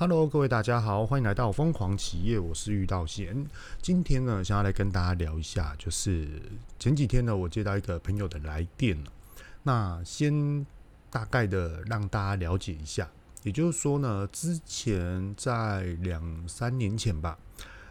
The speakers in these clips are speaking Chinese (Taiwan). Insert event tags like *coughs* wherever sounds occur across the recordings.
Hello，各位大家好，歡迎來到瘋狂啟業，我是遇到西恩。今天呢，想要來跟大家聊一下，就是前幾天呢，我接到一個朋友的來電了。那先大概的讓大家了解一下，也就是說呢，之前在兩三年前吧。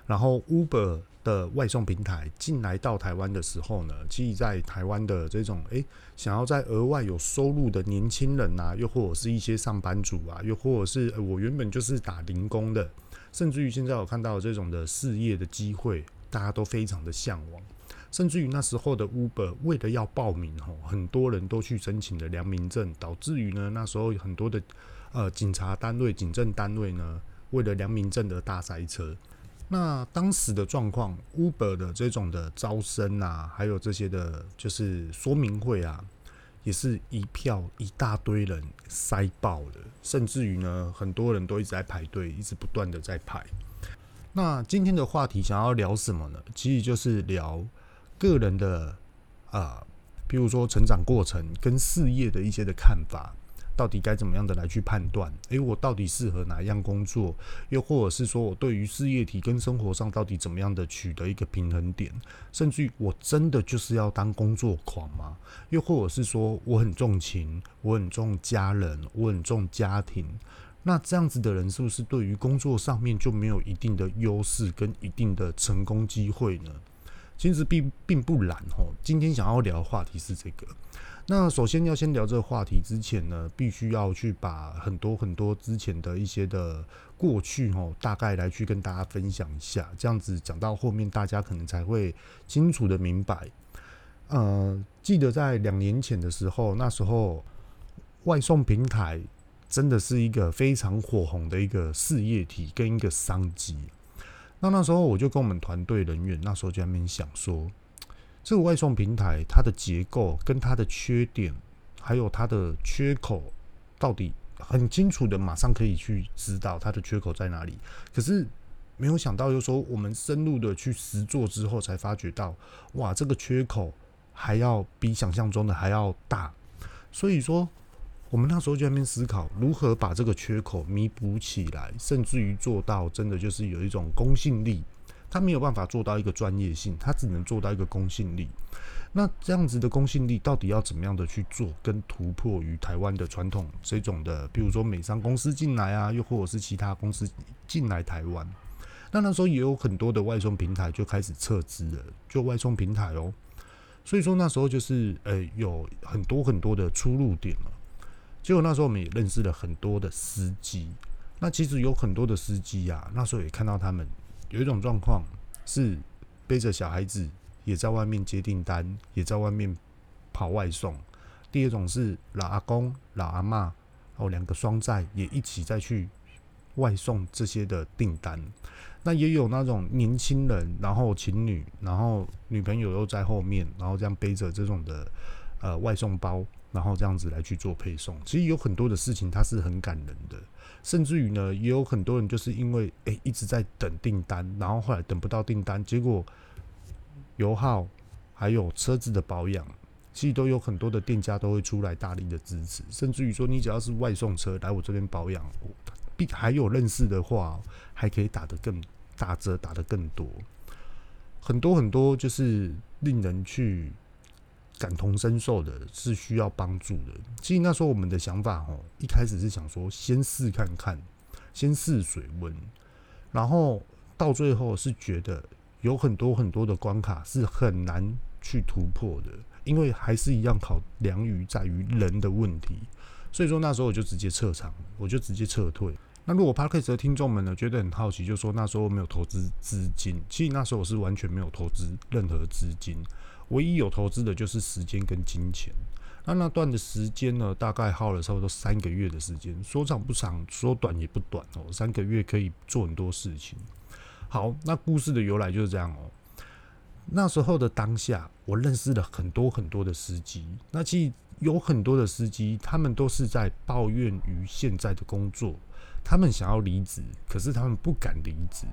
然後 Uber 的外送平台進來到台灣的時候呢，其實在台灣的這種哎，想要在額外有收入的年輕人啊，又或者是一些上班族啊，又或者是我原本就是打零工的，甚至於現在我看到這種的事業的機會，大家都非常的向往。甚至於那時候的 Uber 為了要報名吼，很多人都去申請了良民證，導致於呢，那時候很多的呃警察單位、警政單位呢，為了良民證的大塞車。那當時的狀況，Uber 的這種的招生啊，還有這些的，就是說明會啊，也是一票一大堆人塞爆了，甚至於呢，很多人都一直在排隊，一直不斷的在排。那今天的話題想要聊什麼呢？其實就是聊個人的啊，呃，比如說成長過程跟事業的一些的看法。到底該怎麼樣的來去判斷？誒，我到底適合哪樣工作？又或者是說我對於事業體跟生活上到底怎麼樣的取得一個平衡點？甚至於我真的就是要當工作狂嗎？又或者是說我很重情，我很重家人，我很重家庭。那這樣子的人是不是對於工作上面就沒有一定的優勢跟一定的成功機會呢？其實並並不然哦。今天想要聊的話題是這個。那首先要先聊這個話題之前呢，必須要去把很多很多之前的一些的過去哈，大概來去跟大家分享一下，這樣子講到後面大家可能才會清楚的明白。呃，記得在兩年前的時候，那時候外送平台真的是一個非常火紅的一個事業體跟一個商機。那那時候我就跟我們團隊人員那時候就在那邊想說。這個外送平台，它的結構跟它的缺點，還有它的缺口，到底很清楚的，馬上可以去知道它的缺口在哪裡。可是沒有想到，有時候我們深入的去實做之後，才發覺到，哇，這個缺口還要比想象中的還要大。所以說，我們那時候就在那邊思考，如何把這個缺口彌補起來，甚至於做到真的就是有一種公信力。他沒有辦法做到一個專業性，他只能做到一個公信力。那這樣子的公信力到底要怎麼樣的去做，跟突破於台灣的傳統這種的，比如說美商公司進來啊，又或者是其他公司進來台灣。那那時候也有很多的外送平台就開始撤資了，就外送平台哦、喔。所以說那時候就是呃、欸、有很多很多的出入點了。結果那時候我們也認識了很多的司機。那其實有很多的司機啊，那時候也看到他們。有一種狀況是背着小孩子也在外面接訂單，也在外面跑外送；第二種是老阿公、老阿嬤，哦，兩個雙債也一起再去外送這些的訂單。那也有那種年輕人，然後情侶，然後女朋友又在後面，然後這樣背着這種的呃外送包。然後這樣子來去做配送，其實有很多的事情它是很感人的，甚至於呢，也有很多人就是因為誒、欸、一直在等訂單，然後後來等不到訂單，結果油耗還有車子的保養，其實都有很多的店家都會出來大力的支持，甚至於說你只要是外送車來我這邊保養，並還有認識的話，還可以打得更打折，打得更多，很多很多就是令人去，感同身受的，是需要幫助的。其實那時候我們的想法，齁，一開始是想說先試看看，先試水溫，然後到最後是覺得有很多很多的關卡是很難去突破的，因為還是一樣考量於在於人的問題。所以說那時候我就直接撤場，我就直接撤退。那如果 podcast 的聽眾們呢，覺得很好奇，就說那時候我沒有投資資金，其實那時候我是完全沒有投資任何資金。唯一有投資的就是時間跟金錢，那那段的時間呢，大概耗了差不多三個月的時間，說長不長，說短也不短哦，三個月可以做很多事情。好，那故事的由來就是這樣哦。那時候的當下，我認識了很多很多的司機，那其實有很多的司機，他們都是在抱怨於現在的工作，他們想要離職，可是他們不敢離職。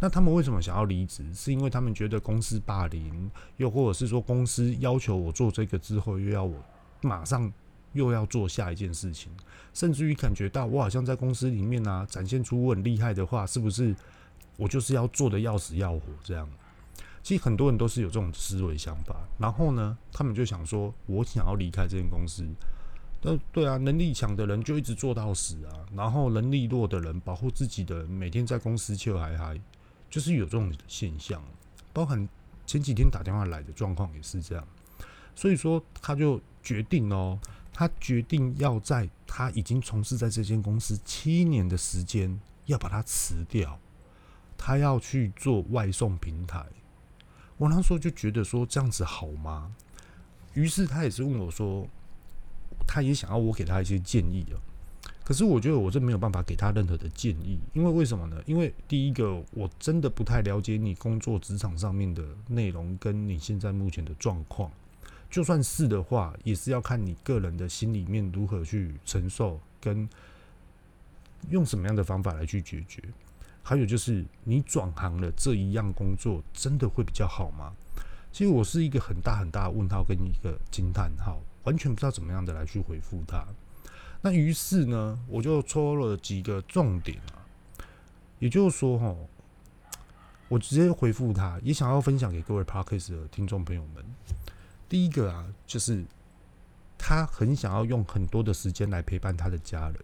那他們為什麼想要離職？是因為他們覺得公司霸凌，又或者是說公司要求我做這個之後，又要我馬上又要做下一件事情，甚至於感覺到我好像在公司裡面呢、啊，展現出我很厲害的話，是不是我就是要做的要死要活這樣？其實很多人都是有這種思維想法，然後呢，他們就想說，我想要離開這間公司，那對啊，能力強的人就一直做到死啊，然後能力弱的人保護自己的人，每天在公司卻還嗨就是有這種現象，包含前幾天打電話來的狀況也是這樣，所以說他就決定哦，喔，他決定要在他已經從事在這間公司七年的時間，要把它辭掉，他要去做外送平台。我那時候就覺得說這樣子好嗎？於是他也是問我說，他也想要我給他一些建議，喔。可是我覺得我是沒有辦法給他任何的建議，因為為什麼呢？因為第一個，我真的不太了解你工作職場上面的內容，跟你現在目前的狀況。就算是的話，也是要看你個人的心裡面如何去承受，跟用什麼樣的方法來去解決。還有就是，你轉行了這一樣工作，真的會比較好嗎？其實我是一個很大很大的問號跟一個驚嘆號，完全不知道怎麼樣的來去回復他。那於是呢，我就抽了幾個重點啊，也就是說，吼，我直接回復他，也想要分享給各位 podcast 的聽眾朋友們。第一個啊，就是他很想要用很多的時間來陪伴他的家人，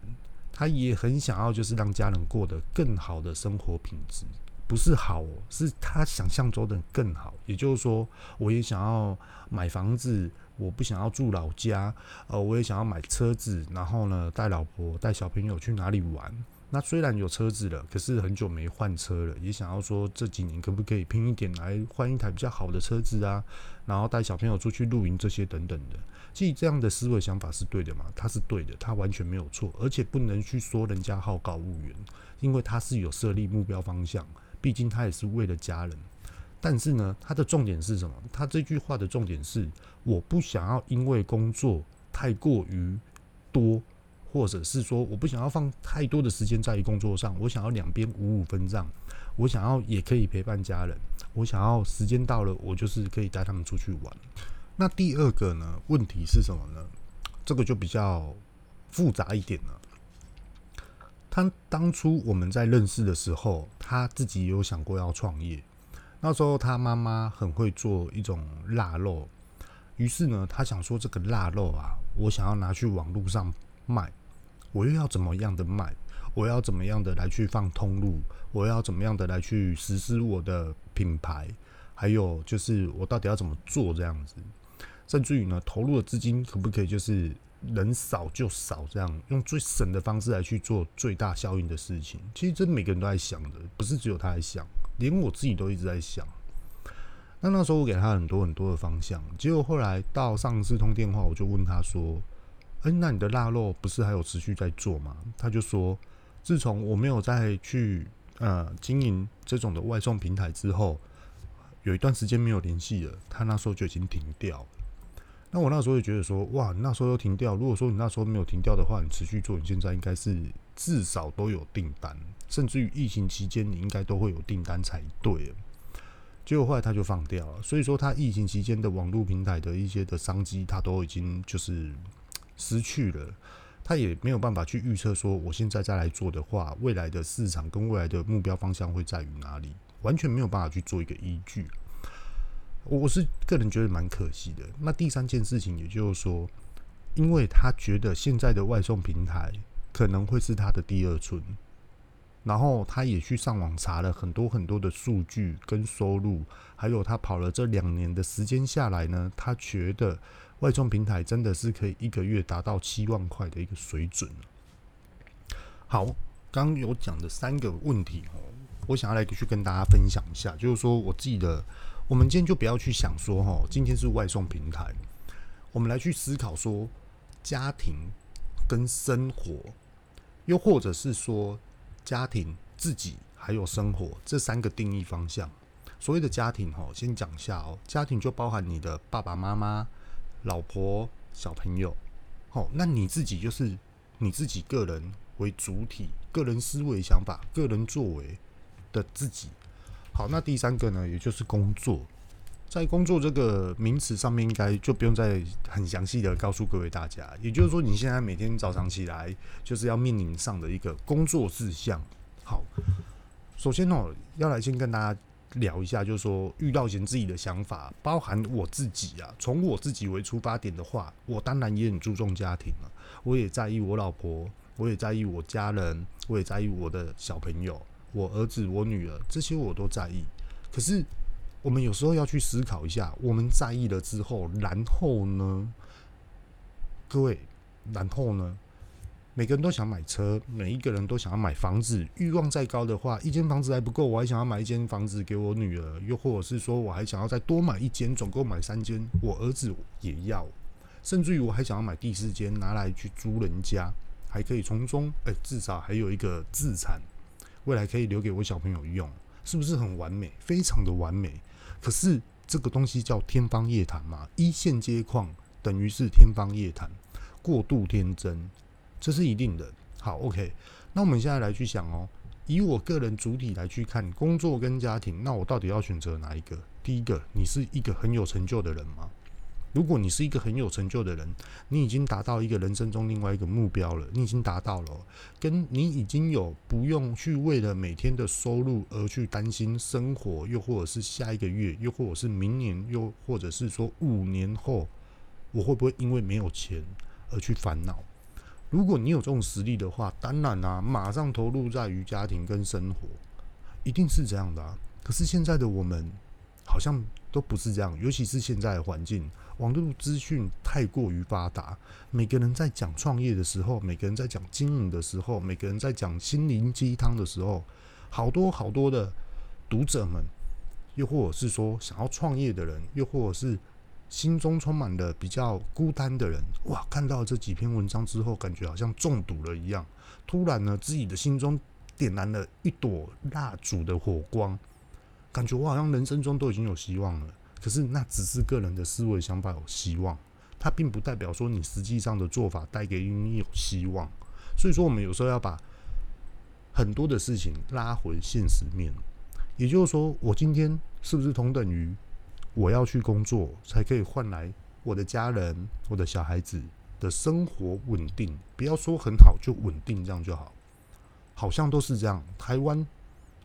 他也很想要就是讓家人過得更好的生活品質，不是好哦，是他想象中的更好。也就是說，我也想要買房子。我不想要住老家，呃，我也想要買車子，然後呢，帶老婆帶小朋友去哪裡玩？那雖然有車子了，可是很久沒換車了，也想要說這幾年可不可以拼一點來換一台比較好的車子啊？然後帶小朋友出去露營這些等等的。其實這樣的思維想法是對的嘛？他是對的，他完全沒有錯，而且不能去說人家好高騖遠，因為他是有設立目標方向，畢竟他也是為了家人。但是呢，他的重點是什麼？他這句話的重點是。我不想要因為工作太過於多，或者是說我不想要放太多的時間在工作上，我想要兩邊五五分賬，我想要也可以陪伴家人，我想要時間到了，我就是可以帶他們出去玩。那第二個呢？問題是什麼呢？這個就比較複雜一點了。他當初我們在認識的時候，他自己有想過要創業。那時候他媽媽很會做一種臘肉。於是呢，他想說這個臘肉啊，我想要拿去網路上賣，我又要怎麼樣的賣？我要怎麼樣的來去放通路？我要怎麼樣的來去實施我的品牌？還有就是我到底要怎麼做這樣子？甚至於呢，投入的資金可不可以就是人少就少這樣，用最省的方式來去做最大效應的事情？其實這每個人都在想的，不是只有他在想，連我自己都一直在想。那那時候我給他很多很多的方向，結果後來到上次通電話，我就問他說：“哎、欸，那你的臘肉不是還有持續在做嗎？”他就說：“自從我沒有再去呃經營這種的外送平台之後，有一段時間沒有聯繫了，他那時候就已經停掉了。”那我那時候就覺得說：“哇，你那時候都停掉。如果說你那時候沒有停掉的話，你持續做，你現在應該是至少都有訂單，甚至於疫情期間，你應該都會有訂單才對。”結果後來他就放掉了，所以說他疫情期間的網絡平台的一些的商機，他都已經就是失去了，他也沒有辦法去預測說，我現在再來做的話，未來的市場跟未來的目標方向會在於哪裡，完全沒有辦法去做一個依據。我我是個人覺得蠻可惜的。那第三件事情，也就是說，因為他覺得現在的外送平台可能會是他的第二春。然後他也去上網查了很多很多的數據跟收入，還有他跑了這兩年的時間下來呢，他覺得外送平台真的是可以一個月達到七萬塊的一個水準。好，剛有講的三個問題哦，我想要來去跟大家分享一下，就是說，我記得我們今天就不要去想說哦，今天是外送平台，我們來去思考說家庭跟生活，又或者是說。家庭、自己還有生活這三個定義方向。所謂的家庭，哈，先講一下哦。家庭就包含你的爸爸媽媽、老婆、小朋友。好，那你自己就是你自己個人為主體、個人思維、想法、個人作為的自己。好，那第三個呢，也就是工作。在工作這個名詞上面，應該就不用再很詳細的告訴各位大家。也就是說，你現在每天早上起來，就是要面臨上的一個工作事項。好，首先哦，要來先跟大家聊一下，就是說遇到一些自己的想法，包含我自己啊，從我自己為出發點的話，我當然也很注重家庭了，我也在意我老婆，我也在意我家人，我也在意我的小朋友，我兒子、我女兒，這些我都在意。可是，我們有時候要去思考一下，我們在意了之後，然後呢，各位，然後呢，每個人都想買車，每一個人都想要買房子。欲望再高的話，一間房子還不夠，我還想要買一間房子給我女兒，又或者是說，我還想要再多買一間，總共買三間，我兒子也要，甚至於我還想要買第四間，拿來去租人家，還可以從中哎、欸，至少還有一個資產，未來可以留給我小朋友用，是不是很完美？非常的完美。可是這個東西叫天方夜譚嘛，一線接礦等於是天方夜譚，過度天真，這是一定的。好，OK，那我們現在來去想哦、喔，以我個人主體來去看工作跟家庭，那我到底要選擇哪一個？第一個，你是一個很有成就的人嗎？如果你是一個很有成就的人，你已經達到一個人生中另外一個目標了，你已經達到了，跟你已經有不用去為了每天的收入而去擔心生活，又或者是下一個月，又或者是明年，又或者是說五年後，我會不會因為沒有錢而去煩惱？如果你有這種實力的話，當然啊，馬上投入在於家庭跟生活，一定是這樣的啊。可是現在的我們好像都不是這樣，尤其是現在的環境。網絡資訊太過於發達，每個人在講創業的時候，每個人在講經營的時候，每個人在講心靈雞湯的時候，好多好多的讀者們，又或者是說想要創業的人，又或者是心中充滿了比較孤單的人，哇！看到這幾篇文章之後，感覺好像中毒了一樣。突然呢，自己的心中點燃了一朵蠟燭的火光，感覺我好像人生中都已經有希望了。可是那只是個人的思維想法有希望，它並不代表說你實際上的做法帶給你有希望。所以說，我們有時候要把很多的事情拉回現實面。也就是說，我今天是不是同等於我要去工作才可以換來我的家人、我的小孩子的生活穩定？不要說很好就穩定，這樣就好。好像都是這樣，台灣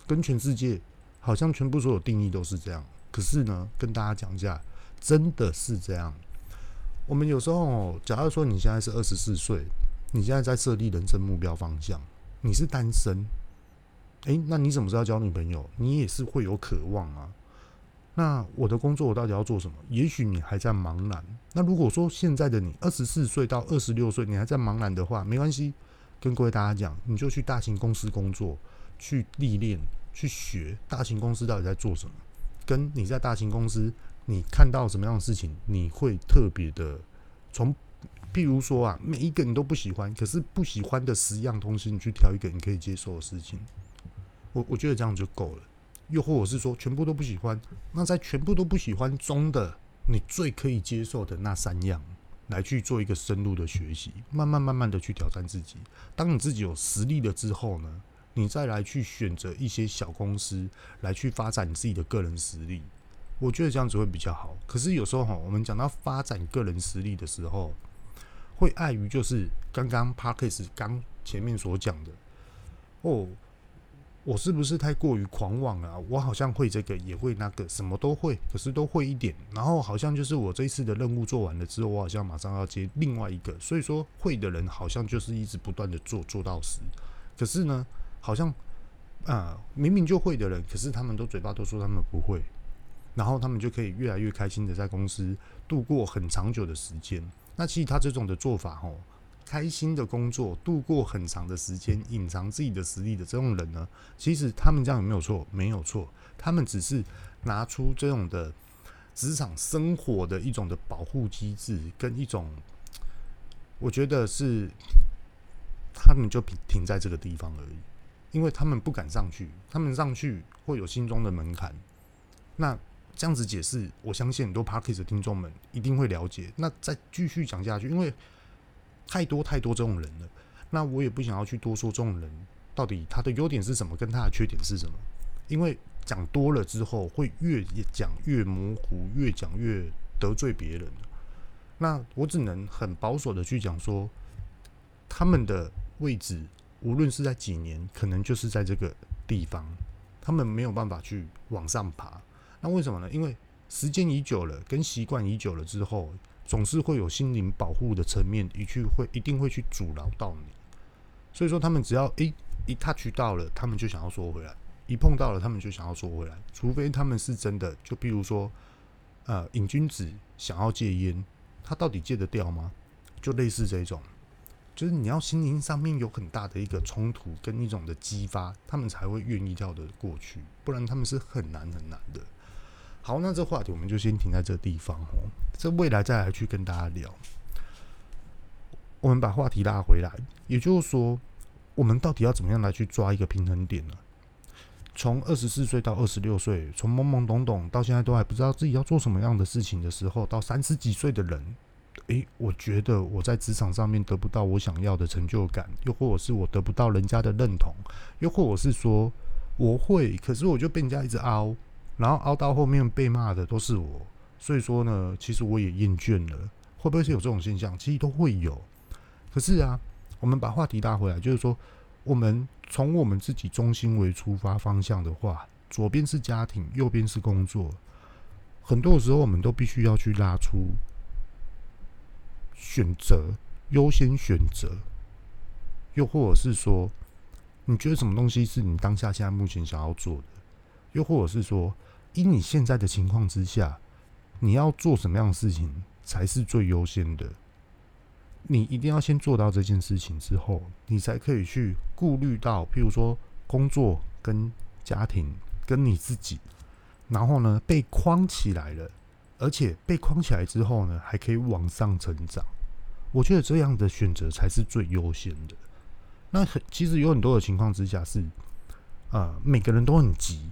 跟全世界好像全部所有定義都是這樣。可是呢，跟大家講一下，真的是這樣。我們有時候、喔，假如說你現在是二十四歲，你現在在設立人生目標方向，你是單身，哎、欸，那你怎麼知道交女朋友？你也是會有渴望啊。那我的工作，我到底要做什麼？也許你還在茫然。那如果說現在的你二十四歲到二十六歲，你還在茫然的話，沒關係。跟各位大家講，你就去大型公司工作，去歷練，去學大型公司到底在做什麼。跟你在大型公司，你看到什麼樣的事情，你會特別的從，譬如說啊，每一個你都不喜歡，可是不喜歡的十樣東西，你去挑一個你可以接受的事情，我我覺得這樣就夠了。又或者是說，全部都不喜歡，那在全部都不喜歡中的你最可以接受的那三樣，來去做一個深入的學習，慢慢慢慢的去挑戰自己。當你自己有實力了之後呢？你再來去選擇一些小公司來去發展你自己的個人實力，我覺得這樣子會比較好。可是有時候哈，我們講到發展個人實力的時候，會礙於就是剛剛帕克斯剛前面所講的，哦，我是不是太過於狂妄了啊？我好像會這個，也會那個，什麼都會，可是都會一點。然後好像就是我這一次的任務做完了之後，我好像馬上要接另外一個。所以說，會的人好像就是一直不斷的做，做到死。可是呢？好像，呃，明明就會的人，可是他們都嘴巴都說他們不會，然後他們就可以越來越開心的在公司度過很長久的時間。那其實他這種的做法，哦，開心的工作，度過很長的時間，隱藏自己的實力的這種人呢，其實他們這樣有沒有錯？沒有錯，他們只是拿出這種的職場生活的一種的保護機制，跟一種，我覺得是，他們就比停在這個地方而已。因為他們不敢上去，他們上去會有心中的門檻。那這樣子解釋，我相信很多 Podcast 的聽眾們一定會了解。那再繼續講下去，因為太多太多這種人了，那我也不想要去多說這種人到底他的優點是什麼，跟他的缺點是什麼。因為講多了之後，會越講越模糊，越講越得罪別人。那我只能很保守的去講說，他們的位置。無論是在幾年，可能就是在這個地方，他們沒有辦法去往上爬。那為什麼呢？因為時間已久了，跟習慣已久了之後，總是會有心靈保護的層面，一去會一定會去阻撓到你。所以說，他們只要一一 touch 到了，他們就想要縮回來；一碰到了，他們就想要縮回來。除非他們是真的，就比如說，呃，癮君子想要戒煙，他到底戒得掉嗎？就類似這種。就是你要心靈上面有很大的一個衝突跟一種的激發，他們才會願意跳得過去，不然他們是很難很難的。好，那這話題我們就先停在這個地方哦，這未來再來去跟大家聊。我們把話題拉回來，也就是說，我們到底要怎麼樣來去抓一個平衡點呢、啊？從二十四歲到二十六歲，從懵懵懂懂到現在都還不知道自己要做什麼樣的事情的時候，到三十幾歲的人。誒、欸，我覺得我在職場上面得不到我想要的成就感，又或者是我得不到人家的認同，又或者是說我會，可是我就被人家一直凹，然後凹到後面被罵的都是我，所以說呢，其實我也厭倦了。會不會是有這種現象？其實都會有。可是啊，我們把話題拉回來，就是說，我們從我們自己中心為出發方向的話，左邊是家庭，右邊是工作，很多的時候我們都必須要去拉出。選擇優先選擇，又或者是說，你覺得什麼東西是你當下現在目前想要做的？又或者是說，以你現在的情況之下，你要做什麼樣的事情才是最優先的？你一定要先做到這件事情之後，你才可以去顧慮到，譬如說工作跟家庭跟你自己，然後呢，被框起來了。而且被框起來之後呢，還可以往上成長。我覺得這樣的選擇才是最優先的。那很，其實有很多的情況之下是，呃，每個人都很急。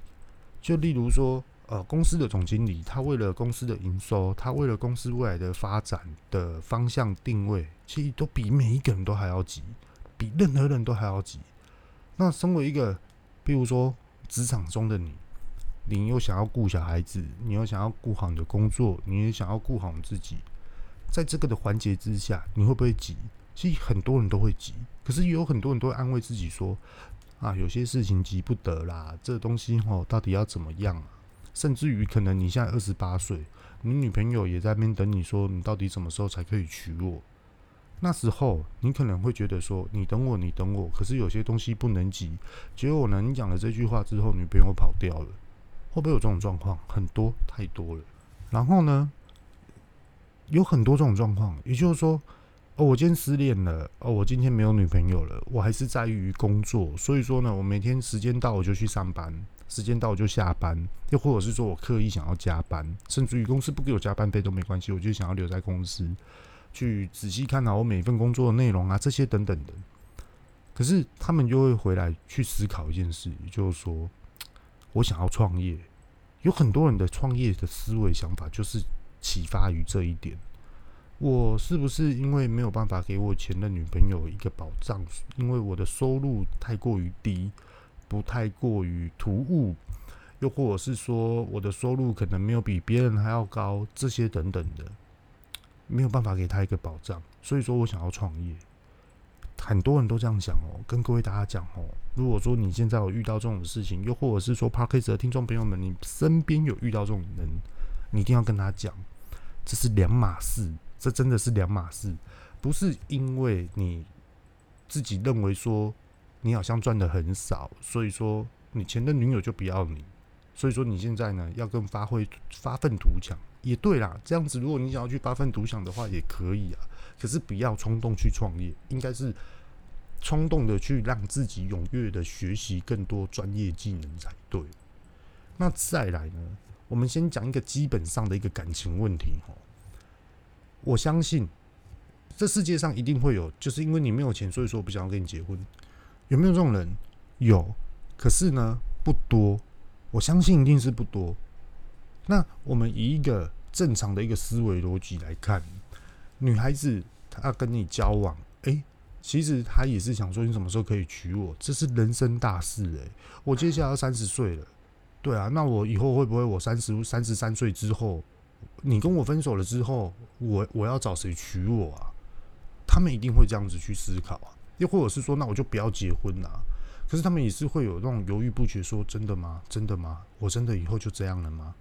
就例如說，呃，公司的總經理，他為了公司的營收，他為了公司未來的發展的方向定位，其實都比每一個人都還要急，比任何人都還要急。那身為一個，比如說職場中的你。你又想要顧小孩子，你又想要顧好你的工作，你又想要顧好你自己，在這個的環節之下，你會不會急？其實很多人都會急，可是也有很多人都會安慰自己說：“啊，有些事情急不得啦，這東西吼、哦、到底要怎麼樣、啊？”甚至於可能你現在二十八歲，你女朋友也在那邊等你說你到底什麼時候才可以娶我？那時候你可能會覺得說：“你等我，你等我。”可是有些東西不能急。結果呢，你講了這句話之後，女朋友跑掉了。會不會有這種狀況？很多，太多了。然後呢，有很多這種狀況，也就是說，哦，我今天失戀了，哦，我今天沒有女朋友了，我還是在於工作。所以說呢，我每天時間到我就去上班，時間到我就下班，又或者是說我刻意想要加班，甚至於公司不給我加班費都沒關係，我就想要留在公司去仔細看好我每一份工作的內容啊，這些等等的。可是他們就會回來去思考一件事，也就是說。我想要創業，有很多人的創業的思維想法就是啟發於這一點。我是不是因為沒有辦法給我前任女朋友一個保障？因為我的收入太過於低，不太過於突兀，又或者是說我的收入可能沒有比別人還要高，這些等等的，沒有辦法給她一個保障，所以說我想要創業。很多人都這樣講哦、喔，跟各位大家講哦、喔，如果說你現在有遇到這種事情，又或者是說 podcast 的聽眾朋友們，你身邊有遇到這種人，你一定要跟他講，這是兩碼事，這真的是兩碼事，不是因為你自己認為說你好像賺的很少，所以說你前任的女友就不要你，所以說你現在呢要更發揮發奮圖強，也對啦，這樣子如果你想要去發奮圖強的話，也可以啊。可是不要衝動去創業，應該是衝動的去讓自己踴躍的學習更多專業技能才對。那再來呢？我們先講一個基本上的一個感情問題哈。我相信這世界上一定會有，就是因為你沒有錢，所以說我不想要跟你結婚，有沒有這種人？有，可是呢不多。我相信一定是不多。那我們以一個正常的一個思維邏輯來看。女孩子她要跟你交往，誒、欸，其實她也是想說你什麼時候可以娶我？這是人生大事誒、欸。我接下來要三十歲了，對啊，那我以後會不會我三十三十三歲之後，你跟我分手了之後，我我要找誰娶我啊？他們一定會這樣子去思考啊，又或者是說，那我就不要結婚吶、啊？可是他們也是會有那種猶豫不決說，說真的嗎？真的嗎？我真的以後就這樣了嗎？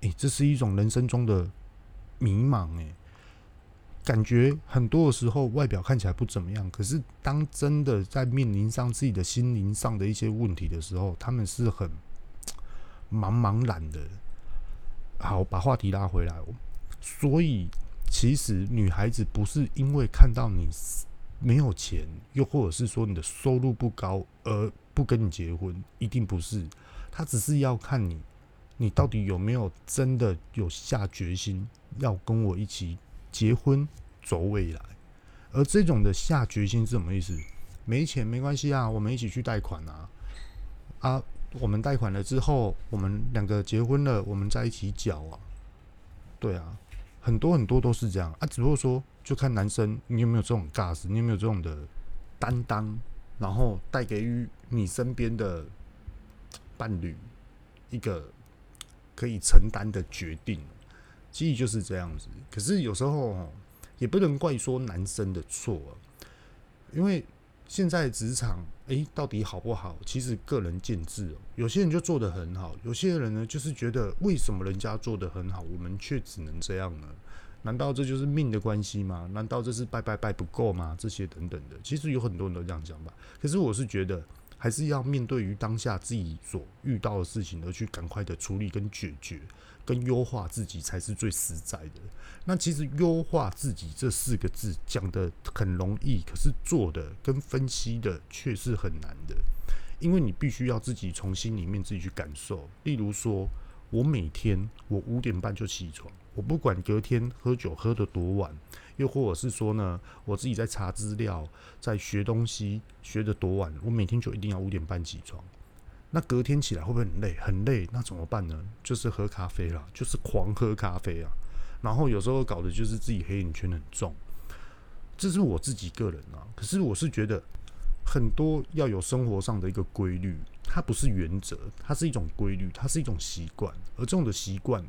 哎、欸，這是一種人生中的迷茫誒、欸。感覺很多的時候，外表看起來不怎麼樣。可是，當真的在面臨上自己的心靈上的一些問題的時候，他們是很茫茫然的。好，把話題拉回來。所以，其實女孩子不是因為看到你沒有錢，又或者是說你的收入不高而不跟你結婚，一定不是。她只是要看你，你到底有沒有真的有下決心要跟我一起結婚走未來，而這種的下決心是什麼意思？沒錢沒關係啊，我們一起去貸款啊，啊！啊，我們貸款了之後，我們兩個結婚了，我們在一起繳啊。對啊，很多很多都是這樣啊。只不過說，就看男生你有沒有這種 gas，你有沒有這種的擔當，然後帶給予你身邊的伴侶一個可以承擔的決定。記憶就是這樣子，可是有時候也不能怪說男生的錯，因為現在職場誒，到底好不好，其實個人見智哦。有些人就做得很好，有些人呢就是覺得為什麼人家做得很好，我們卻只能這樣呢？難道這就是命的關係嗎？難道這是拜拜拜不夠嗎？這些等等的，其實有很多人都這樣講吧。可是我是覺得還是要面對於當下自己所遇到的事情，而去趕快的處理跟解決。跟優化自己才是最實在的。那其實優化自己這四個字講得很容易，可是做的跟分析的卻是很難的，因為你必須要自己從心裡面自己去感受。例如說，我每天我五點半就起床，我不管隔天喝酒喝得多晚，又或者是說呢，我自己在查資料、在學東西學得多晚，我每天就一定要五點半起床。那隔天起來會不會很累？很累，那怎麼辦呢？就是喝咖啡啦，就是狂喝咖啡啊。然後有時候搞得就是自己黑眼圈很重，這是我自己個人啊。可是我是覺得，很多要有生活上的一個規律，它不是原則，它是一種規律，它是一種習慣。而這種的習慣，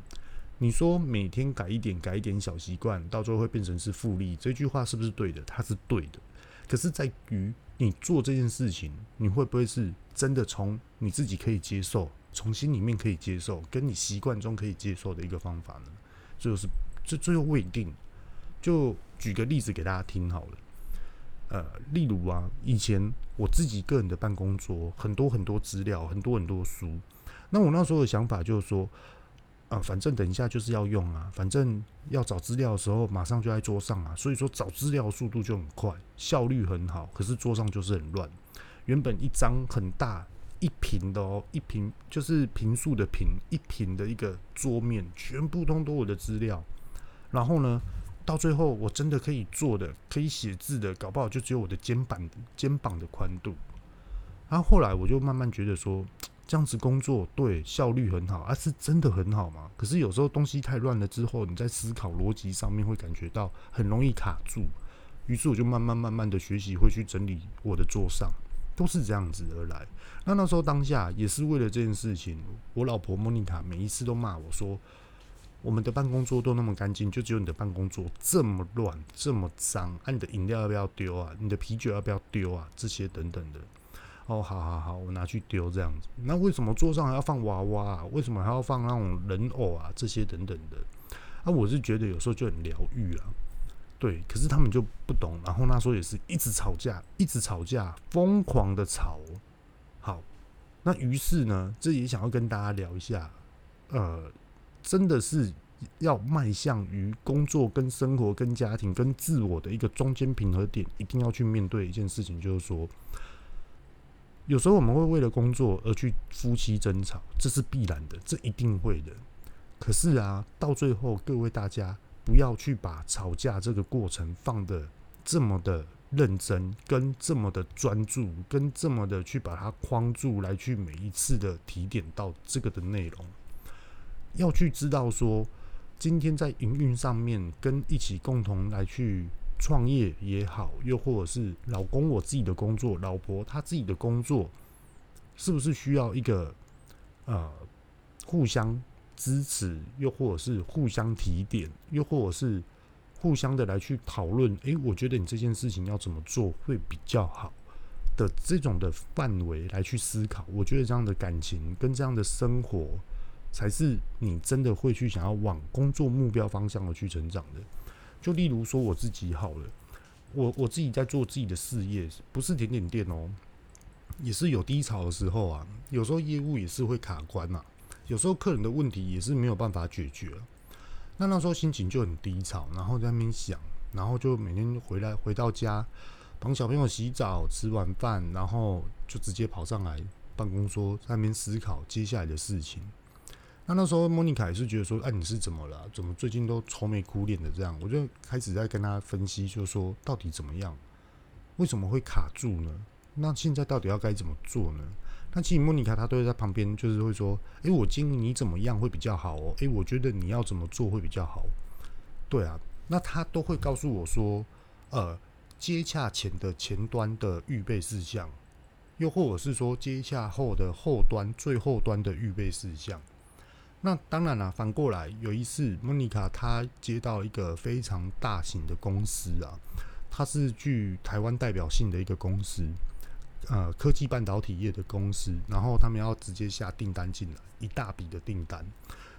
你說每天改一點、改一點小習慣，到最後會變成是複利，這句話是不是對的？它是對的。可是，在於你做這件事情，你會不會是真的從你自己可以接受、從心裡面可以接受、跟你習慣中可以接受的一個方法呢？就是這最後未定。就舉個例子給大家聽好了，呃，例如啊，以前我自己個人的辦公桌，很多很多資料，很多很多書。那我那時候的想法就是說。啊，反正等一下就是要用啊，反正要找資料的時候，馬上就在桌上啊，所以說找資料速度就很快，效率很好。可是桌上就是很亂，原本一張很大一平的哦，一平就是坪數的坪，一平的一個桌面，全部通通我的資料。然後呢，到最後我真的可以做的，可以寫字的，搞不好就只有我的肩膀肩膀的寬度。然後後來我就慢慢覺得說。這樣子工作對效率很好，而、啊、是真的很好嗎？可是有時候東西太亂了之後，你在思考邏輯上面會感覺到很容易卡住。於是我就慢慢慢慢的學習，會去整理我的桌上，都是這樣子而來。那那時候當下也是為了這件事情，我老婆莫妮卡每一次都罵我說：“我們的辦公桌都那麼乾淨，就只有你的辦公桌這麼亂、這麼髒。啊、你的飲料要不要丟啊？你的啤酒要不要丟啊？這些等等的。”哦，好好好，我拿去丟這樣子。那為什麼桌上還要放娃娃啊？為什麼還要放那種人偶啊？這些等等的，啊，我是覺得有時候就很療癒啊。對，可是他們就不懂。然後那時候也是一直吵架，一直吵架，瘋狂的吵。好，那於是呢，這也想要跟大家聊一下，呃，真的是要邁向於工作跟生活跟家庭跟自我的一個中間平衡點，一定要去面對一件事情，就是說。有時候我們會為了工作而去夫妻爭吵，這是必然的，這一定會的。可是啊，到最後各位大家不要去把吵架這個過程放得這麼的認真，跟這麼的專注，跟這麼的去把它框住來去每一次的提點到這個的內容，要去知道說，今天在營運上面跟一起共同來去。創業也好，又或者是老公我自己的工作，老婆她自己的工作，是不是需要一個呃互相支持，又或者是互相提點，又或者是互相的來去討論？誒、欸，我覺得你這件事情要怎麼做會比較好的？這種的範圍來去思考，我覺得這樣的感情跟這樣的生活，才是你真的會去想要往工作目標方向的去成長的。就例如說我自己好了，我我自己在做自己的事業，不是甜點店哦、喔，也是有低潮的時候啊，有時候業務也是會卡關嘛、啊，有時候客人的問題也是沒有辦法解決、啊，那那時候心情就很低潮，然後在那邊想，然後就每天回來回到家，幫小朋友洗澡、吃完飯，然後就直接跑上來辦公，桌在那邊思考接下來的事情。那那時候，莫妮卡也是覺得說：“哎、啊，你是怎麼了、啊？怎麼最近都愁眉苦臉的這樣？”我就開始在跟她分析就是，就說到底怎麼樣，為什麼會卡住呢？那現在到底要該怎麼做呢？那其實莫妮卡她都會在旁邊，就是會說：“誒、欸，我建議你怎麼樣會比較好哦、喔。欸”“誒，我覺得你要怎麼做會比較好。”對啊，那她都會告訴我說：“呃，接洽前的前端的預備事項，又或者是說接洽後的後端最後端的預備事項。”那當然了啊，反過來有一次，莫妮卡她接到一個非常大型的公司啊，它是具台灣代表性的一個公司，呃，科技半導體業的公司，然後他們要直接下訂單進來，一大筆的訂單。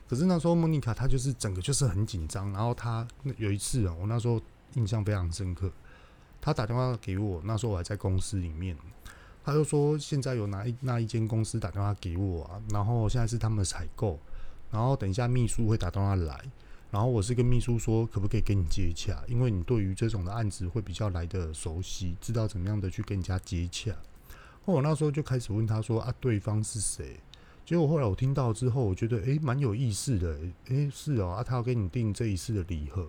可是那時候莫妮卡她就是整個就是很緊張，然後她有一次啊，我那時候印象非常深刻，她打電話給我，那時候我還在公司裡面，她就說現在有哪一那一間公司打電話給我啊，然後現在是他們的採購。然後等一下，秘書會打到他來。然後我是跟秘書說，可不可以跟你接洽？因為你對於這種的案子會比較來的熟悉，知道怎麼樣的去跟人家接洽。我、哦、那時候就開始問他說：“啊，對方是誰？”結果後來我聽到之後，我覺得誒，蠻有意思的。誒，是哦，啊，他要給你訂這一次的禮盒，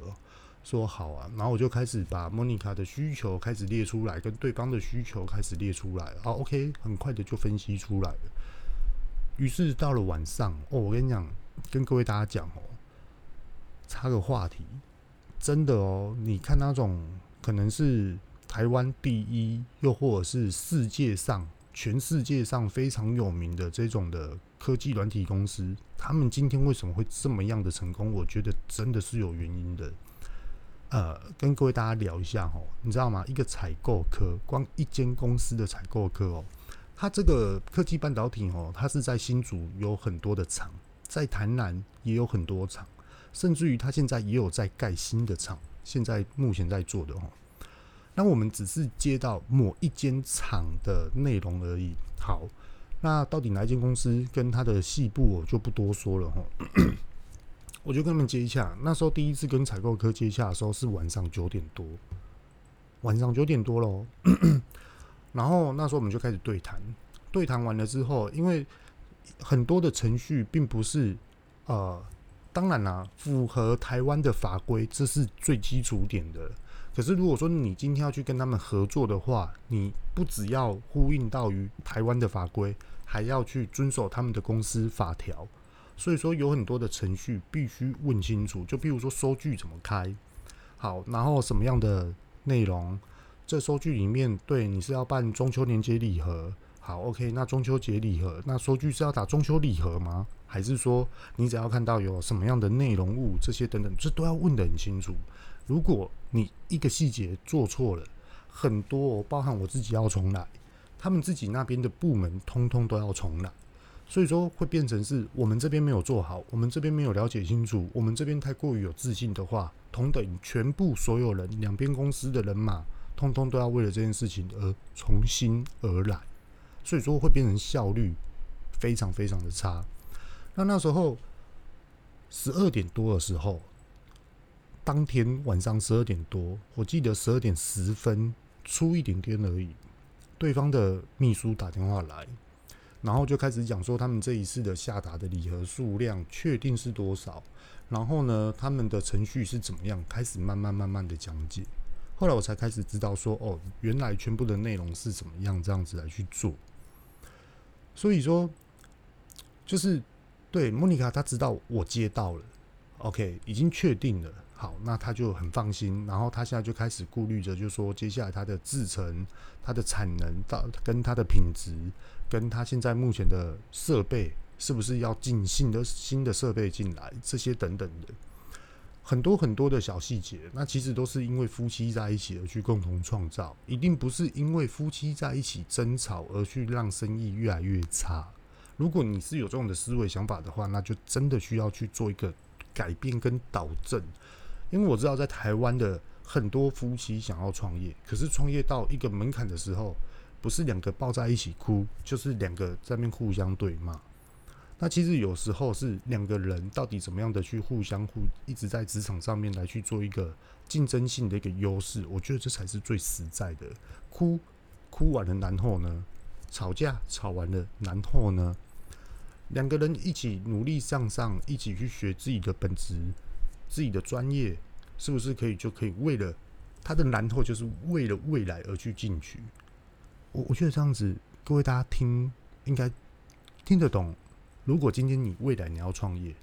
說好啊。然後我就開始把莫妮卡的需求開始列出來，跟對方的需求開始列出來。哦，OK，很快的就分析出來了。於是到了晚上，哦，我跟你講。跟各位大家講哦，插個話題，真的哦，你看那種可能是台灣第一，又或者是世界上、全世界上非常有名的這種的科技軟體公司，他們今天為什麼會這麼樣的成功？我覺得真的是有原因的。呃，跟各位大家聊一下哦，你知道嗎？一個採購科，光一間公司的採購科哦，它這個科技半導體哦，它是在新竹有很多的廠。在台南也有很多廠，甚至於他現在也有在蓋新的廠。現在目前在做的哦，那我們只是接到某一間廠的內容而已。好，那到底哪一間公司跟它的細部，我就不多說了哈。 *coughs* 我就跟他們接洽，那時候第一次跟採購科接洽的時候是晚上九點多，晚上九點多嘍。 *coughs* 然後那時候我們就開始對談，對談完了之後，因為很多的程序並不是，呃，當然啦，符合台灣的法規，這是最基礎點的。可是，如果說你今天要去跟他們合作的話，你不只要呼應到於台灣的法規，還要去遵守他們的公司法條。所以說，有很多的程序必須問清楚。就比如說收據怎麼開，好，然後什麼樣的內容，這收據裡面，對，你是要辦中秋年節禮盒。好，OK，那中秋節禮盒，那收據是要打中秋禮盒嗎？還是說你只要看到有什麼樣的內容物這些等等，這都要問得很清楚。如果你一個細節做錯了，很多包含我自己要重來，他們自己那邊的部門通通都要重來，所以說會變成是我們這邊沒有做好，我們這邊沒有了解清楚，我們這邊太過於有自信的話，同等全部所有人兩邊公司的人馬通通都要為了這件事情而重新而來。所以說會變成效率非常非常的差。那那時候十二點多的時候，當天晚上十二點多，我記得十二點十分出一點點而已，對方的秘書打電話來，然後就開始講說他們這一次的下達的禮盒數量確定是多少，然後呢，他們的程序是怎麼樣，開始慢慢慢慢的講解。後來我才開始知道說哦，原來全部的內容是怎麼樣這樣子來去做。所以說，就是，對莫妮卡，她知道我接到了，OK，已經確定了。好，那她就很放心，然後她現在就開始顧慮着，就是說接下來她的制程、她的產能到跟她的品質，跟她現在目前的設備是不是要進新的新的設備進來，這些等等的。很多很多的小細節，那其實都是因為夫妻在一起而去共同創造，一定不是因為夫妻在一起爭吵而去讓生意越來越差。如果你是有這種的思維想法的話，那就真的需要去做一個改變跟導正。因為我知道在台灣的很多夫妻想要創業，可是創業到一個門檻的時候，不是兩個抱在一起哭，就是兩個在那邊互相對罵。那其實有時候是兩個人到底怎麼樣的去互相互一直在職場上面來去做一個競爭性的一個優勢，我覺得這才是最實在的哭。哭哭完了，然後呢？吵架吵完了，然後呢？兩個人一起努力向上，上，一起去學自己的本職、自己的專業，是不是可以？就可以為了他的然後，就是為了未來而去進取。我我覺得這樣子，各位大家聽應該聽得懂。如果今天你未來你要創業，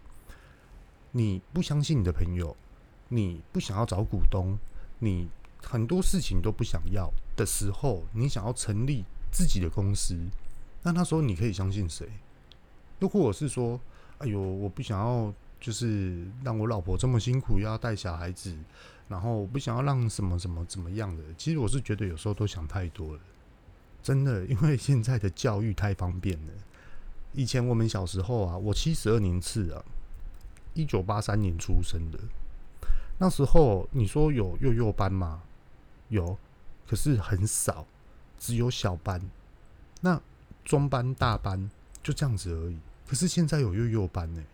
你不相信你的朋友，你不想要找股東，你很多事情都不想要的時候，你想要成立自己的公司，那他說你可以相信誰？如果我是說，哎呦，我不想要，就是讓我老婆這麼辛苦又要帶小孩子，然後我不想要讓什麼什麼怎麼樣的，其實我是覺得有時候都想太多了，真的，因為現在的教育太方便了。以前我們小時候啊，我七十二年次啊，一九八三年出生的。那時候你說有幼幼班嗎？有，可是很少，只有小班。那中班、大班就這樣子而已。可是現在有幼幼班呢、欸，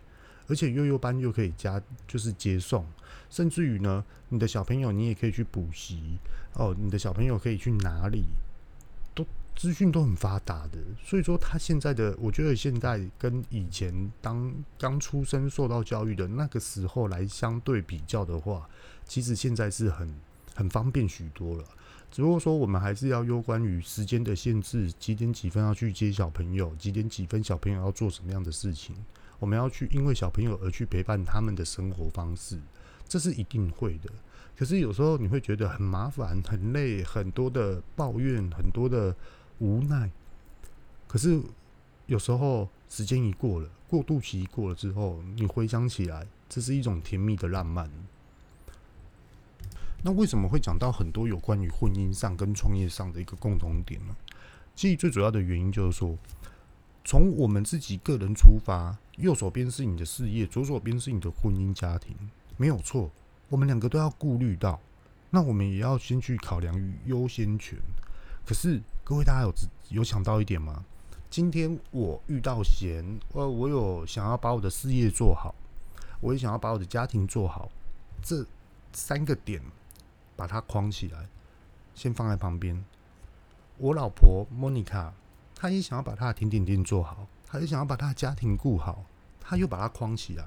而且幼幼班又可以加，就是接送，甚至於呢，你的小朋友你也可以去補習哦。你的小朋友可以去哪裡？資訊都很發達的，所以說他現在的，我覺得現在跟以前當剛出生受到教育的那個時候來相對比較的話，其實現在是很很方便許多了。只不過說我們還是要有關於時間的限制，幾點幾分要去接小朋友，幾點幾分小朋友要做什麼樣的事情，我們要去因為小朋友而去陪伴他們的生活方式，這是一定會的。可是有時候你會覺得很麻煩、很累、很多的抱怨、很多的。無奈，可是有時候時間一過了，過渡期一過了之後，你回想起來，這是一種甜蜜的浪漫。那為什麼會講到很多有關於婚姻上跟創業上的一個共同點呢？其實最主要的原因就是說，從我們自己個人出發，右手邊是你的事業，左手邊是你的婚姻家庭，沒有錯，我們兩個都要顧慮到。那我們也要先去考量與優先權。可是，各位大家有有想到一點嗎？今天我遇到賢，呃，我有想要把我的事業做好，我也想要把我的家庭做好，這三個點把它框起來，先放在旁邊。我老婆莫妮卡，她也想要把她的甜點店做好，她也想要把她的家庭顧好，她又把它框起來。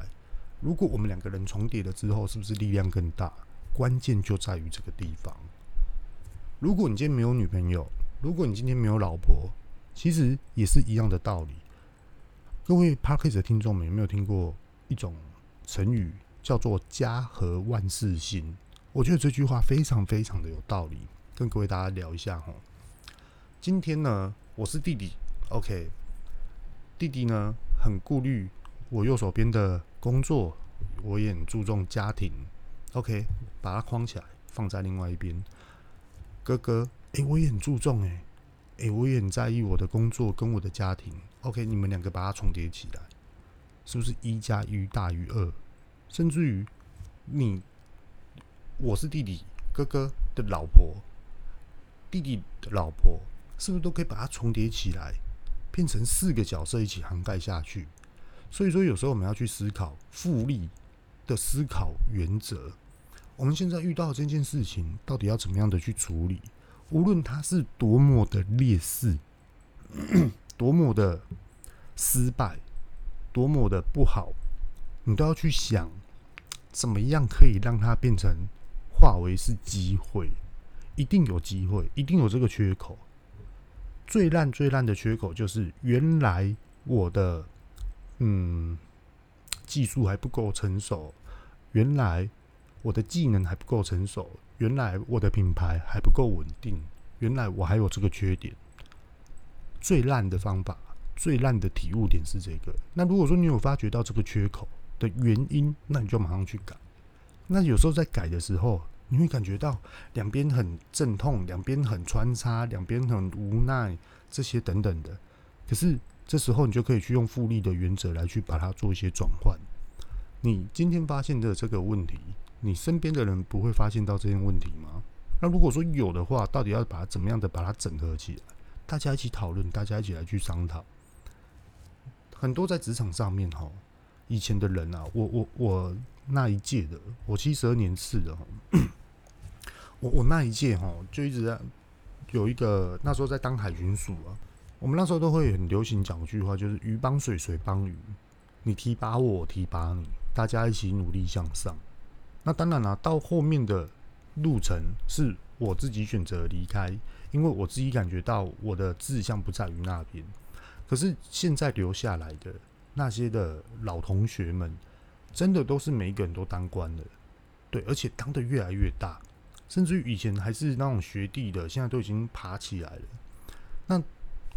如果我們兩個人重疊了之後，是不是力量更大？關鍵就在於這個地方。如果你今天沒有女朋友，如果你今天沒有老婆，其實也是一樣的道理。各位 Podcast 的聽眾們，有沒有聽過一種成語叫做“家和萬事興”？我覺得這句話非常非常的有道理，跟各位大家聊一下吼。今天呢，我是弟弟，OK。弟弟呢，很顧慮我右手邊的工作，我也很注重家庭，OK，把它框起來，放在另外一邊。哥哥，哎、欸，我也很注重、欸，哎，哎，我也很在意我的工作跟我的家庭。OK，你們兩個把它重疊起來，是不是一加一大於二？甚至於你，我是弟弟，哥哥的老婆，弟弟的老婆，是不是都可以把它重疊起來，變成四個角色一起涵蓋下去？所以說，有時候我們要去思考複利的思考原則。我們現在遇到的這件事情，到底要怎麼樣的去處理？無論它是多麼的劣勢，咳咳，多麼的失敗，多麼的不好，你都要去想，怎麼樣可以讓它變成化為是機會？一定有機會，一定有這個缺口。最爛、最爛的缺口就是原來我的，嗯，技術還不夠成熟，原來。我的技能還不夠成熟，原來我的品牌還不夠穩定，原來我還有這個缺點。最爛的方法，最爛的體悟點是這個。那如果說你有發覺到這個缺口的原因，那你就馬上去改。那有時候在改的時候，你會感覺到兩邊很陣痛，兩邊很穿插，兩邊很無奈，這些等等的。可是這時候，你就可以去用複利的原則來去把它做一些轉換。你今天發現的這個問題。你身邊的人不會發現到這些問題嗎？那如果說有的話，到底要把它怎麼樣的把它整合起來？大家一起討論，大家一起來去商討。很多在職場上面吼，以前的人啊，我我我那一屆的，我七十二年次的， *coughs* 我我那一屆吼，就一直在、啊、有一個那時候在當海巡署啊，我們那時候都會很流行講一句話，就是魚幫水，水幫魚，你提拔我，我提拔你，大家一起努力向上。那當然了、啊，到後面的路程是我自己選擇離開，因為我自己感覺到我的志向不在於那邊。可是現在留下來的那些的老同學們，真的都是每一個人都當官的，對，而且當得越來越大，甚至於以前還是那種學弟的，現在都已經爬起來了。那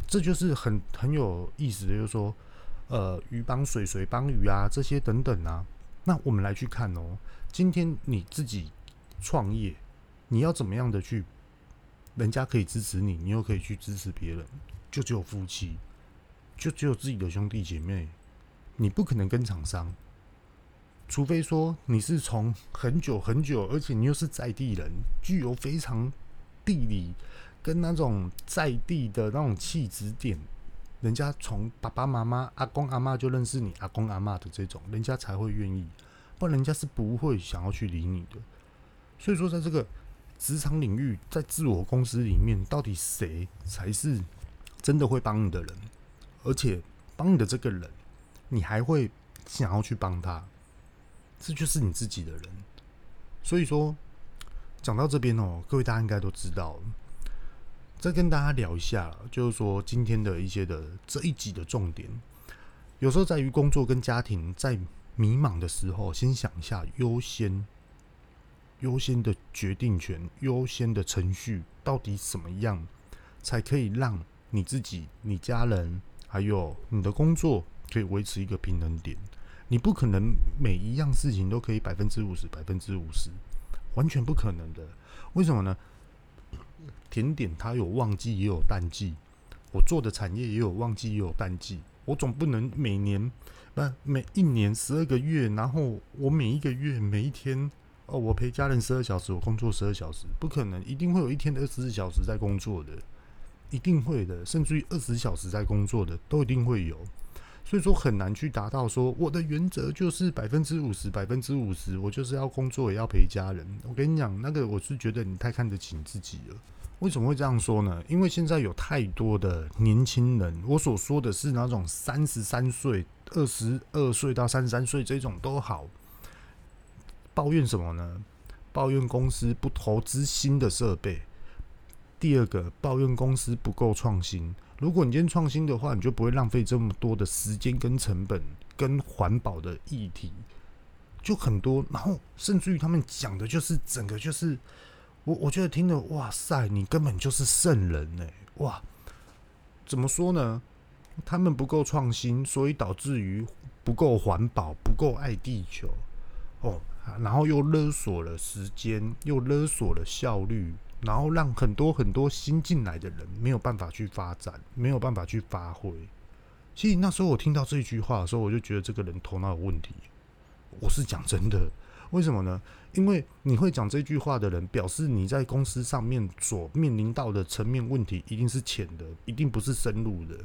這就是很很有意思的，就是說，呃，魚幫水，水幫魚啊，這些等等啊，那我們來去看哦、喔。今天你自己創業，你要怎麼樣的去？人家可以支持你，你又可以去支持別人，就只有夫妻，就只有自己的兄弟姐妹，你不可能跟廠商，除非說你是從很久很久，而且你又是在地人，具有非常地理跟那種在地的那種氣質點，人家從爸爸媽媽、阿公阿嬤就認識你，阿公阿嬤的這種，人家才會願意。不然人家是不會想要去理你的。所以說，在這個職場領域，在自我公司裡面，到底誰才是真的會幫你的人？而且幫你的這個人，你還會想要去幫他，這就是你自己的人。所以說，講到這邊哦，各位大家應該都知道，再跟大家聊一下，就是說今天的一些的這一集的重點，有時候在於工作跟家庭，在。迷茫的時候，先想一下優先、優先的決定權、優先的程序到底怎麼樣，才可以讓你自己、你家人還有你的工作可以維持一個平衡點。你不可能每一樣事情都可以百分之五十、百分之五十，完全不可能的。為什麼呢？甜點它有旺季也有淡季，我做的產業也有旺季也有淡季，我總不能每年。那每一年十二個月，然後我每一個月每一天，哦，我陪家人十二小時，我工作十二小時，不可能，一定會有一天的二十四小時在工作的，一定會的，甚至於二十小時在工作的都一定會有，所以說很難去達到說我的原則就是百分之五十，百分之五十，我就是要工作也要陪家人。我跟你講，那個我是覺得你太看得起你自己了。為什麼會這樣說呢？因為現在有太多的年輕人，我所說的是那種三十三歲。二十二歲到三十三歲這種都好，抱怨什麼呢？抱怨公司不投資新的設備。第二個，抱怨公司不夠創新。如果你今天創新的話，你就不會浪費這麼多的時間跟成本跟環保的議題，就很多。然後甚至於他們講的，就是整個就是我我覺得聽的哇塞，你根本就是聖人呢、欸，哇，怎麼說呢？他們不夠創新，所以導致於不夠環保、不夠愛地球。哦，然後又勒索了時間，又勒索了效率，然後讓很多很多新進來的人沒有辦法去發展，沒有辦法去發揮。其實那時候我聽到這句話的時候，我就覺得這個人頭腦有問題。我是講真的，為什麼呢？因為你會講這句話的人，表示你在公司上面所面臨到的層面問題一定是淺的，一定不是深入的。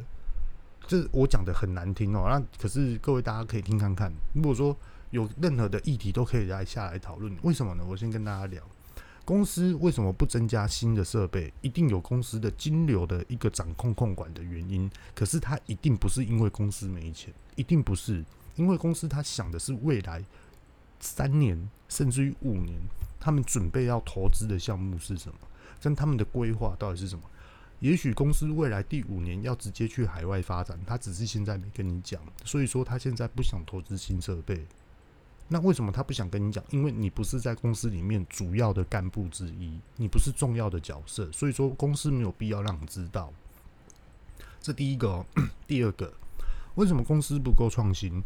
這我講的很難聽哦，那可是各位大家可以聽看看。如果說有任何的議題，都可以來下來討論。為什麼呢？我先跟大家聊，公司為什麼不增加新的設備？一定有公司的金流的一個掌控控管的原因。可是它一定不是因為公司沒錢，一定不是因為公司它想的是未來三年甚至於五年，他們準備要投資的項目是什麼？跟他們的規劃到底是什麼？也許公司未來第五年要直接去海外發展，他只是現在沒跟你講，所以說他現在不想投資新設備。那為什麼他不想跟你講？因為你不是在公司裡面主要的幹部之一，你不是重要的角色，所以說公司沒有必要讓你知道。這第一個喔，第二個，為什麼公司不夠創新？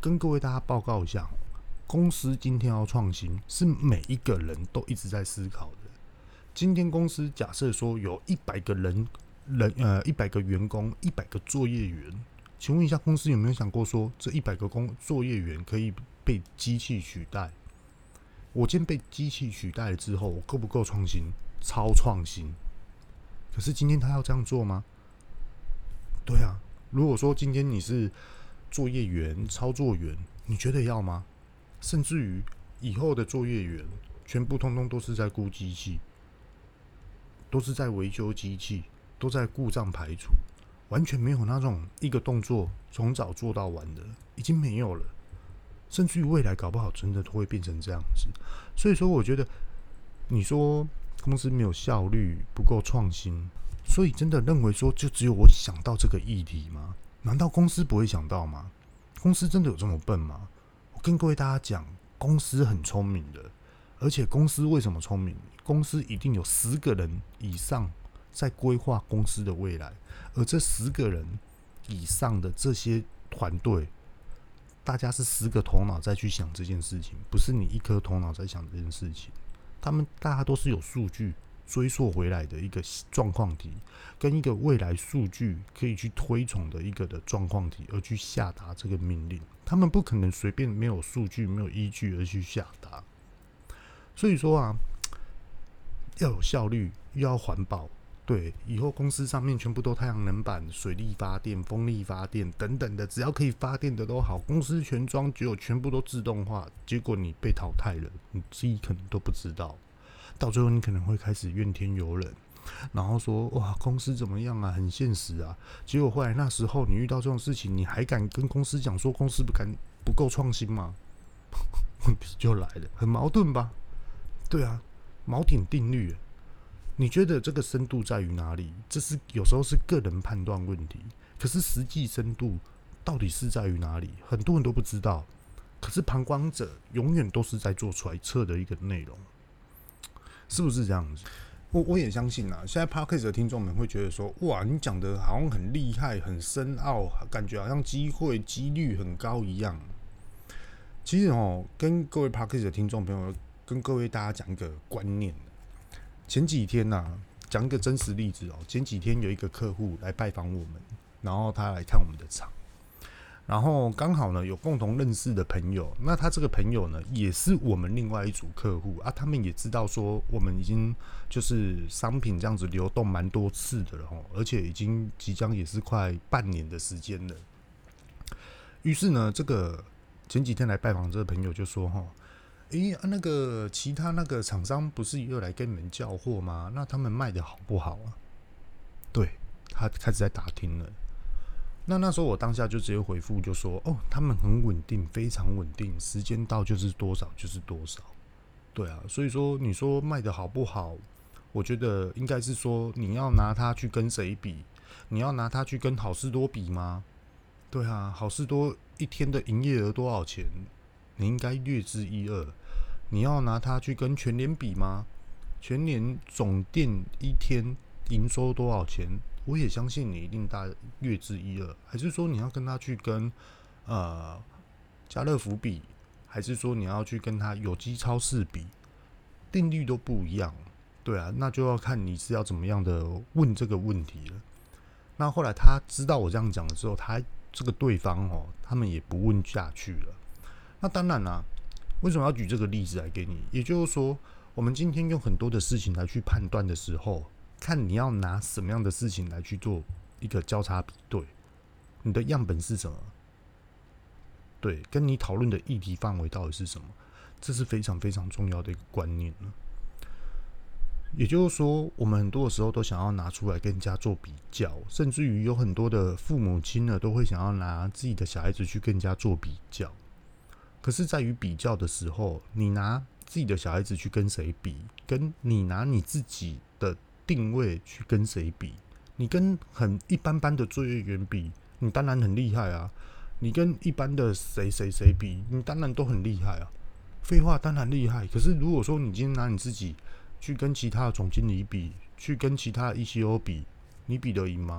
跟各位大家報告一下，公司今天要創新，是每一個人都一直在思考的。今天公司假設說有一百個人人呃一百個員工一百個作業員，請問一下，公司有沒有想過說這一百個工作業員可以被機器取代？我今天被機器取代了之後，夠不夠創新？超創新！可是今天他要這樣做嗎？對啊，如果說今天你是作業員、操作員，你覺得要嗎？甚至於以後的作業員全部通通都是在顧機器。都是在維修機器，都在故障排除，完全沒有那種一個動作從早做到晚的，已經沒有了。甚至於未來搞不好真的都會變成這樣子。所以說，我覺得你說公司沒有效率，不夠創新，所以真的認為說就只有我想到這個議題嗎？難道公司不會想到嗎？公司真的有這麼笨嗎？我跟各位大家講，公司很聰明的，而且公司為什麼聰明？公司一定有十個人以上在規劃公司的未來，而這十個人以上的這些團隊，大家是十個頭腦在去想這件事情，不是你一顆頭腦在想這件事情。他們大家都是有數據追溯回來的一個狀況題，跟一個未來數據可以去推崇的一個的狀況題，而去下達這個命令。他們不可能隨便沒有數據、沒有依據而去下達。所以說啊。要有效率，又要環保，對，以後公司上面全部都太陽能板、水力發電、風力發電等等的，只要可以發電的都好。公司全裝，只有全部都自動化，結果你被淘汰了，你自己可能都不知道。到最後，你可能會開始怨天尤人，然後說：“哇，公司怎麼樣啊？很現實啊！”結果後來那時候你遇到這種事情，你還敢跟公司講說公司不敢不夠創新嗎？問 *laughs* 題就來了，很矛盾吧？對啊。錨定定律，你覺得這個深度在於哪裡？這是有時候是個人判斷問題，可是實際深度到底是在於哪裡？很多人都不知道，可是旁觀者永遠都是在做揣測的一個內容，是不是這樣子？我我也相信啊，現在 Podcast 的聽眾們會覺得說：哇，你講的好像很厲害、很深奧，感覺好像機會幾率很高一樣。其實哦，跟各位 Podcast 的聽眾朋友。跟各位大家講一個觀念。前幾天吶，講一個真實例子哦。前幾天有一個客戶來拜訪我們，然後他來看我們的廠，然後剛好呢，有共同認識的朋友，那他這個朋友呢，也是我們另外一組客戶啊，他們也知道說我們已經就是商品這樣子流動蠻多次的了，而且已經即將也是快半年的時間了。於是呢，這個前幾天來拜訪這個朋友就說哈。誒、欸，那個其他那個廠商不是又來跟你們叫貨嗎？那他們賣得好不好啊？對他開始在打聽了。那那時候我當下就直接回復就說：哦，他們很穩定，非常穩定，時間到就是多少就是多少。對啊，所以說你說賣得好不好？我覺得應該是說你要拿它去跟誰比？你要拿它去跟好事多比嗎？對啊，好事多一天的營業額多少錢？你應該略知一二，你要拿它去跟全聯比嗎？全聯總店一天營收多少錢？我也相信你一定大略知一二，還是說你要跟他去跟呃家樂福比，還是說你要去跟他有機超市比？定律都不一樣，對啊，那就要看你是要怎麼樣的問這個問題了。那後來他知道我這樣講的時候，他這個對方哦、喔，他們也不問下去了。那當然啦、啊，為什麼要舉這個例子來給你？也就是說，我們今天用很多的事情來去判斷的時候，看你要拿什麼樣的事情來去做一個交叉比對，你的樣本是什麼？對，跟你討論的議題範圍到底是什麼？這是非常非常重要的一個觀念。也就是說，我們很多的時候都想要拿出來跟人家做比較，甚至於有很多的父母親呢，都會想要拿自己的小孩子去跟人家做比較。可是，在於比較的時候，你拿自己的小孩子去跟誰比？跟你拿你自己的定位去跟誰比？你跟很一般般的作業員比，你當然很厲害啊！你跟一般的誰誰誰比，你當然都很厲害啊！廢話，當然厲害。可是，如果說你今天拿你自己去跟其他的總經理比，去跟其他的 ECO 比，你比得贏嗎？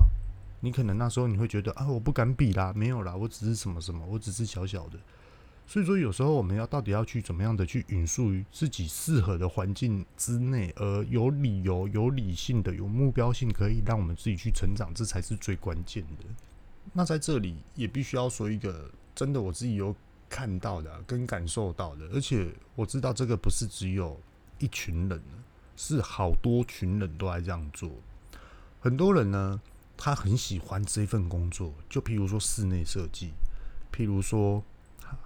你可能那時候你會覺得啊，我不敢比啦，沒有啦，我只是什麼什麼，我只是小小的。所以說，有時候我們要到底要去怎麼樣的去引述於自己適合的環境之內，而有理由、有理性的、有目標性，可以讓我們自己去成長，這才是最關鍵的。那在這裡也必須要說一個真的，我自己有看到的、跟感受到的，而且我知道這個不是只有一群人，是好多群人都在這樣做。很多人呢，他很喜歡這份工作，就譬如說室內設計，譬如說。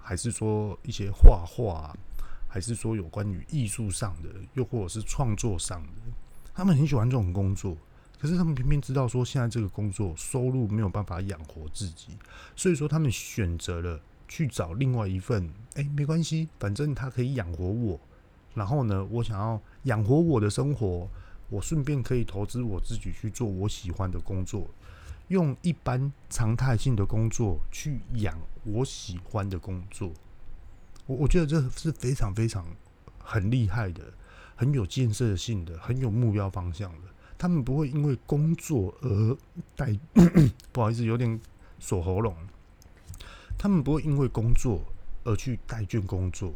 還是說一些畫畫，還是說有關於藝術上的，又或者是創作上的，他們很喜歡這種工作。可是他們偏偏知道說，現在這個工作收入沒有辦法養活自己，所以說他們選擇了去找另外一份。欸，沒關係，反正他可以養活我。然後呢，我想要養活我的生活，我順便可以投資我自己去做我喜歡的工作。用一般常態性的工作去養我喜歡的工作，我我覺得這是非常非常很厲害的，很有建設性的，很有目標方向的。他們不會因為工作而怠，不好意思，有點鎖喉嚨。他們不會因為工作而去怠倦工作，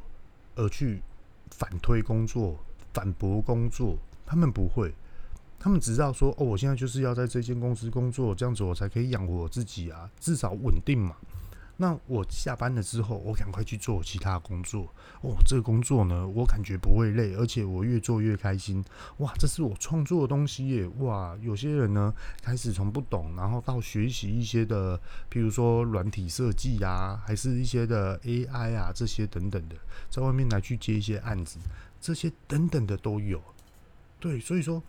而去反推工作、反駁工作，他們不會。他們只知道說哦，我現在就是要在這間公司工作，這樣子我才可以養活我自己啊，至少穩定嘛。那我下班了之後，我趕快去做其他工作。哦，這個工作呢，我感覺不會累，而且我越做越開心。哇，這是我創作的東西耶！哇，有些人呢，開始從不懂，然後到學習一些的，譬如說軟體設計啊，還是一些的 AI 啊，這些等等的，在外面來去接一些案子，這些等等的都有。對，所以說。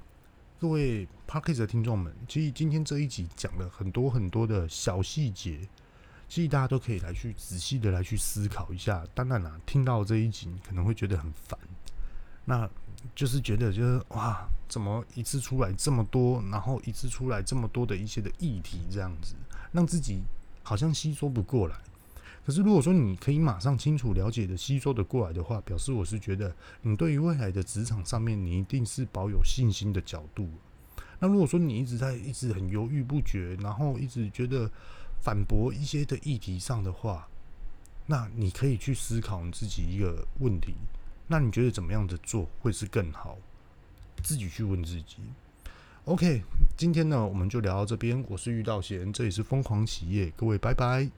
各位 Podcast 的聽眾們，其實今天這一集講了很多很多的小細節，其實大家都可以來去仔細的來去思考一下。當然了、啊，聽到這一集你可能會覺得很煩，那就是覺得就是哇，怎麼一次出來這麼多，然後一次出來這麼多的一些的議題，這樣子讓自己好像吸收不過來。可是，如果說你可以馬上清楚了解的吸收的過來的話，表示我是覺得你對於未來的職場上面，你一定是保有信心的角度。那如果說你一直在一直很猶豫不決，然後一直覺得反駁一些的議題上的話，那你可以去思考你自己一個問題。那你覺得怎麼樣的做會是更好？自己去問自己。OK，今天呢，我們就聊到這邊。我是遇到賢，這裡是瘋狂啟業，各位拜拜。